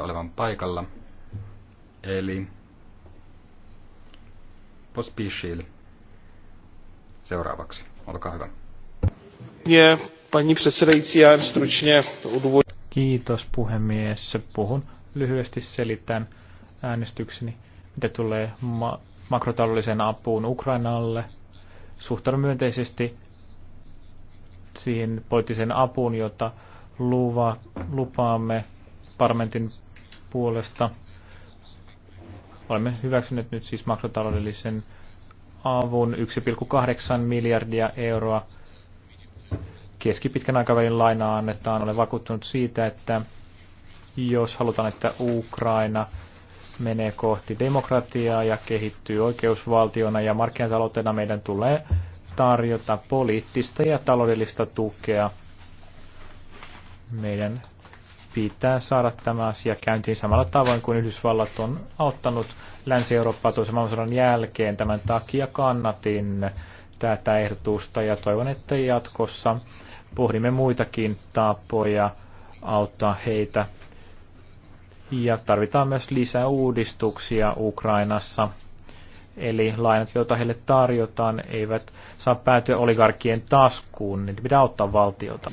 näyttää olevan paikalla. Eli Pospisil seuraavaksi. Olkaa hyvä. Kiitos puhemies. Puhun lyhyesti selitän äänestykseni, mitä tulee ma- makrotaloudelliseen apuun Ukrainalle. Suhtaudun myönteisesti siihen poliittiseen apuun, jota luva, lupaamme parlamentin puolesta. Olemme hyväksyneet nyt siis makrotaloudellisen avun 1,8 miljardia euroa. Keskipitkän aikavälin lainaa annetaan. Olen vakuuttunut siitä, että jos halutaan, että Ukraina menee kohti demokratiaa ja kehittyy oikeusvaltiona ja markkinataloutena, meidän tulee tarjota poliittista ja taloudellista tukea. Meidän pitää saada tämä asia käyntiin samalla tavoin kuin Yhdysvallat on auttanut Länsi-Eurooppaa toisen maailmansodan jälkeen. Tämän takia kannatin tätä ehdotusta ja toivon, että jatkossa pohdimme muitakin tapoja auttaa heitä. Ja tarvitaan myös lisää uudistuksia Ukrainassa. Eli lainat, joita heille tarjotaan, eivät saa päätyä oligarkkien taskuun, niin pitää auttaa valtiota.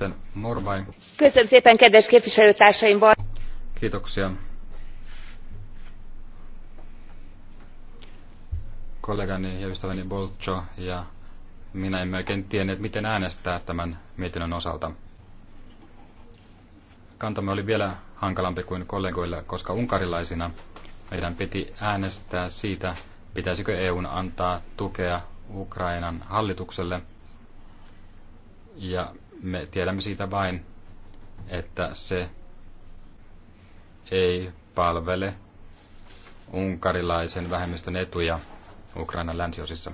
Sitten Morvai. Köszönöm szépen, kedves képviselőtársaim! Kiitoksia. Kollegani ja ystäväni Bolcho ja minä emme oikein tienneet, miten äänestää tämän mietinnön osalta. Kantamme oli vielä hankalampi kuin kollegoilla, koska unkarilaisina meidän piti äänestää siitä, pitäisikö EUn antaa tukea Ukrainan hallitukselle ja me tiedämme siitä vain, että se ei palvele unkarilaisen vähemmistön etuja Ukrainan länsiosissa.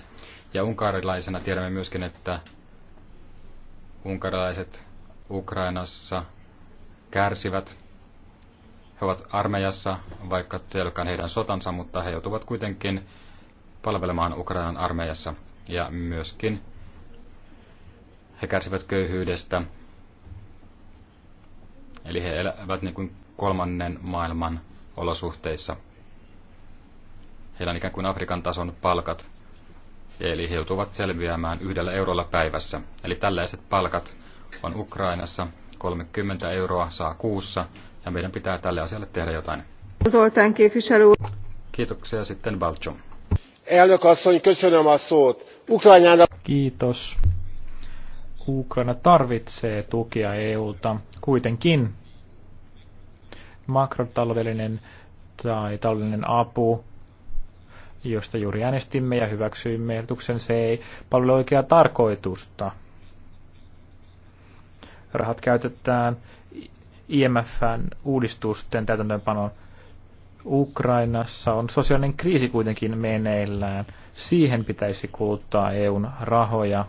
Ja unkarilaisena tiedämme myöskin, että unkarilaiset Ukrainassa kärsivät. He ovat armeijassa, vaikka se ei olekaan heidän sotansa, mutta he joutuvat kuitenkin palvelemaan Ukrainan armeijassa. Ja myöskin he kärsivät köyhyydestä, eli he elävät niin kuin kolmannen maailman olosuhteissa. Heillä on ikään kuin Afrikan tason palkat, eli he joutuvat selviämään yhdellä eurolla päivässä. Eli tällaiset palkat on Ukrainassa 30 euroa saa kuussa, ja meidän pitää tälle asialle tehdä jotain. Kiitoksia sitten Balcho. Elnök asszony, köszönöm a szót. Ukrainának... Kiitos Ukraina tarvitsee tukia EUlta. Kuitenkin makrotaloudellinen tai taloudellinen apu, josta juuri äänestimme ja hyväksyimme ehdotuksen, se ei palvele oikeaa tarkoitusta. Rahat käytetään IMFn uudistusten täytäntöönpanon Ukrainassa on sosiaalinen kriisi kuitenkin meneillään. Siihen pitäisi kuluttaa EUn rahoja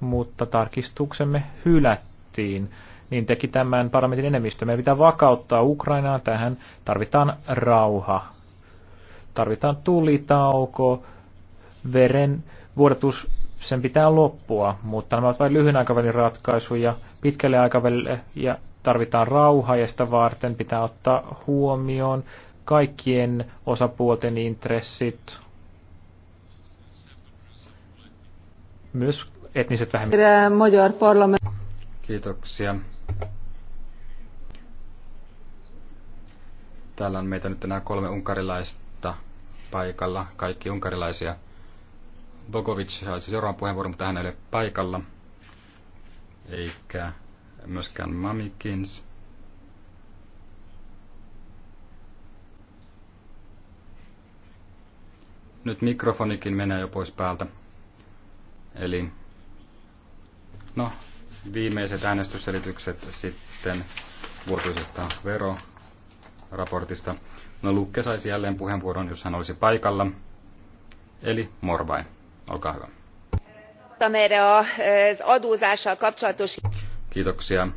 mutta tarkistuksemme hylättiin, niin teki tämän parlamentin enemmistö. Meidän pitää vakauttaa Ukrainaa, tähän tarvitaan rauha. Tarvitaan tulitauko, veren vuodatus, sen pitää loppua, mutta nämä ovat vain lyhyen aikavälin ratkaisuja. Pitkälle aikavälille ja tarvitaan rauha ja sitä varten pitää ottaa huomioon kaikkien osapuolten intressit. Myös etniset vähemmistöt. Kiitoksia. Täällä on meitä nyt enää kolme unkarilaista paikalla, kaikki unkarilaisia. Bogovic saisi seuraavan puheenvuoron, mutta hän ei ole paikalla. Eikä myöskään Mamikins. Nyt mikrofonikin menee jo pois päältä. Eli No, viimeiset äänestysselitykset sitten vuotuisesta veroraportista. No, Lukke saisi jälleen puheenvuoron, jos hän olisi paikalla. Eli Morvai, olkaa hyvä. Kiitoksia.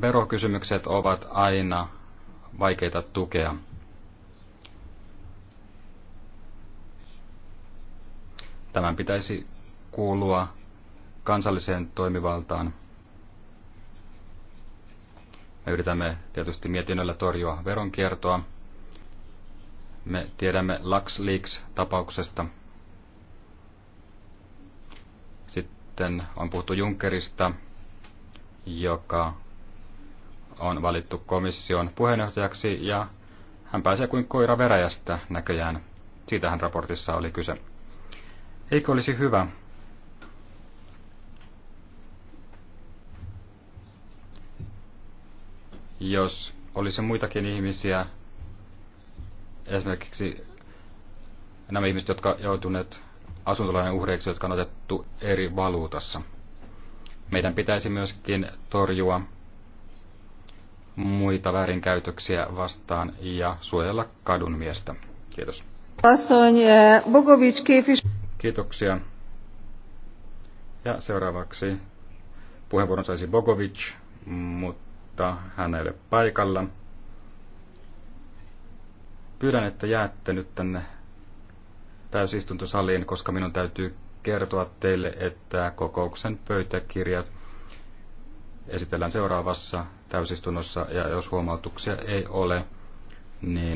Verokysymykset ovat aina vaikeita tukea Tämän pitäisi kuulua kansalliseen toimivaltaan. Me yritämme tietysti mietinnöllä torjua veronkiertoa. Me tiedämme LuxLeaks-tapauksesta. Sitten on puhuttu Junckerista, joka on valittu komission puheenjohtajaksi ja hän pääsee kuin koira veräjästä näköjään. Siitähän raportissa oli kyse. Eikö olisi hyvä, jos olisi muitakin ihmisiä, esimerkiksi nämä ihmiset, jotka joutuneet asuntolainen uhreiksi, jotka on otettu eri valuutassa. Meidän pitäisi myöskin torjua muita väärinkäytöksiä vastaan ja suojella miestä. Kiitos. Eh, Kiitoksia. Ja seuraavaksi puheenvuoron saisi Bogovic, mutta hän ei ole paikalla. Pyydän, että jäätte nyt tänne täysistuntosaliin, koska minun täytyy kertoa teille, että kokouksen pöytäkirjat esitellään seuraavassa täysistunnossa ja jos huomautuksia ei ole, niin